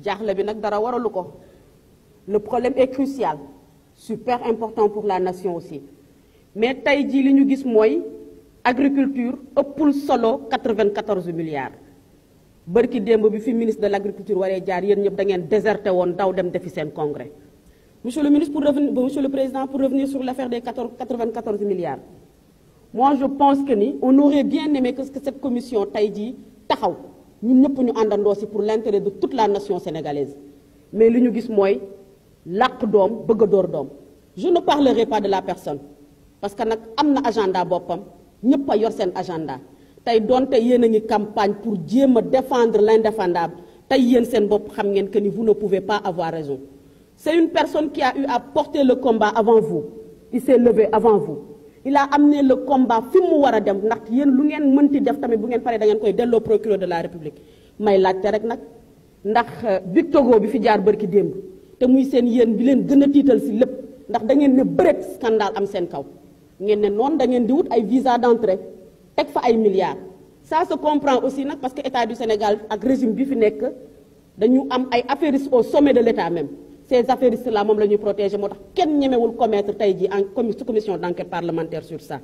jaaxle bi nag dara waralu ko le problème est crucial super important pour la nation aussi mais tey jii li ñu gis mooy agriculture ëppul solo 94 milliards bërki démb bi fi ministre de l' agriculture waree jaar yéen ñëpp da ngeen déserté woon daw dem defi seen congrès monsieur le ministre pour revenir monsieur le président pour revenir sur l' affaire des 94 milliards moi je pense que ni on aurait bien que cette commission tey jii taxaw ñun ñëpp ñu àndandoo si pour l'intérêt de toute la nation sénégalaise mais li ñu gis mooy làq doom bëgg door doom je ne parlerai pas de la personne parce que nag am na agenda boppam ñëpp a yor seen agenda tey donte yéen a ngi campagne pour jéem a défendre l'indéfendable tey yéen seen bopp xam ngeen que ni vous ne pouvez pas avoir raison c'est une personne qui a eu à porter le combat avant vous il s'est levé avant vous il am amené le combat fi mu war a dem ndax yéen lu ngeen mënti def tamit bu ngeen paree dangeen koy delloo procureur de la république may laajte rek nag ndax euh, togo bi fi jaar bërki démb te muy seen yéen bi leen gën a tiital si lépp ndax da ngeen ne bëreet scandale am seen kaw ngeen ne noonu da ngeen di wut ay visa d'entrée teg fa ay milliards ça se comprend aussi nag parce que état du Sénégal ak régime bi fi nekk dañu am ay affaire au sommet de l'état même ces affairistes là moom la ñuy protéger moo tax kenn ñemewul commettre tey jii en su commission d' enquête parlementaire sur ça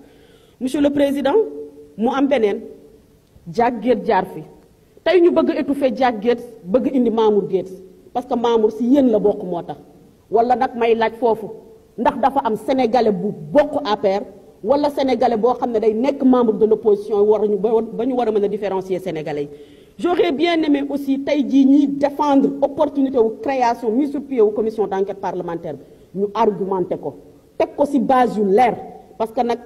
monsieur le président mu am beneen jàggeet jaar fi tey ñu bëgg fe jàggeet bëgg indi Mamour Guèye parce que Mamour si yéen la bokk moo tax wala nag may laaj foofu ndax dafa am sénégalais bu bokk APR wala sénégalais boo xam ne day nekk membre de l' opposition war ñu ba ñu war a mën a différencier sénégalais yi j'aurais bien aimé aussi tey jii ñuy défendre opportunité wu création mise sur pied wu commission d' enquête parlementaire bi ñu argumenté ko teg ko ci base yu leer parce que nag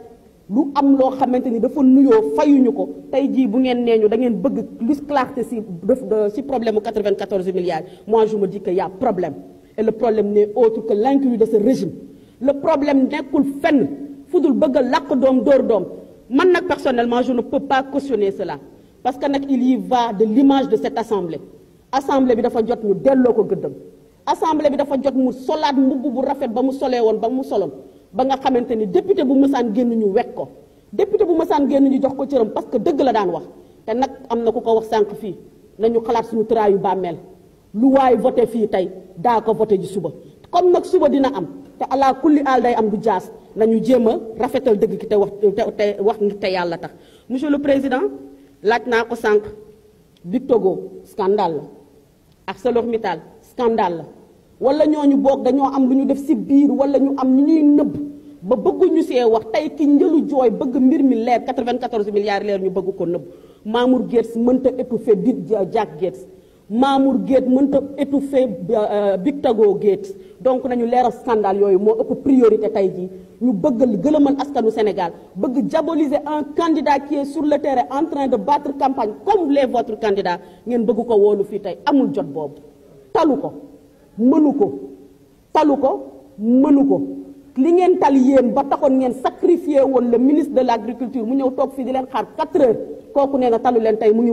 lu am loo xamante ni dafa nuyoo fayuñu ko tey jii bu ngeen nee ñu da ngeen bëgg plus clarté ci ci problème mu 94 milliards moi je me dis que y' a problème et le problème n'est autre que l'incurie de ce régime le problème nekkul fenn fu dul bëgg a làq doom dóor doom man nag personnellement je ne peux pas parce que nag il y va de l'image de cette assemblée assemblée bi dafa jot ñu delloo ko gëddam assemblée bi dafa jot mu solaat mbubb bu rafet ba mu solee woon ba mu soloon ba nga xamante ni député bu mësaan génn ñu wekk ko député bu mësaan génn ñu jox ko cëram parce que dëgg la daan wax te nag am na ku ko wax sànq fii nañu xalaat suñu yu bàmmeel lu waaye voté fii tey daa ko voté ji suba comme nag suba dina am te ala kulli aal day am du jaas nañu jéem a rafetal dëgg ki te wax te te yàlla tax monsieur le président laaj naa ko sànq di Togo scandale la ArcelorMittal scandale la wala ñu boog dañoo am lu ñu def ci biir wala ñu am ñu ñuy nëbb ba bëgguñu see wax tey ki njëlu jooy bëgg mbir mi leer 94 milliards leer ñu bëgg ko nëbb Mamour Gates mënta étouffer dit Jack Gates Mamour Guèye mënta étouffer euh, Bictago Guèye donc nañu leeral scandale yooyu moo ëpp priorité tey jii ñu bëgg gëlëmal askanu Sénégal bëgg diaboliser un candidat qui est sur le terrain en de battre campagne comme les votre candidat ngeen bëgg ko woonu fii tey amul jot boobu talu ko mënu ko talu ko mënu ko li ngeen tal yéen ba taxoon ngeen sacrifié woon le ministre de l' agriculture mu ñëw toog fii di leen xaar 4 heures kooku nee talu leen tey mu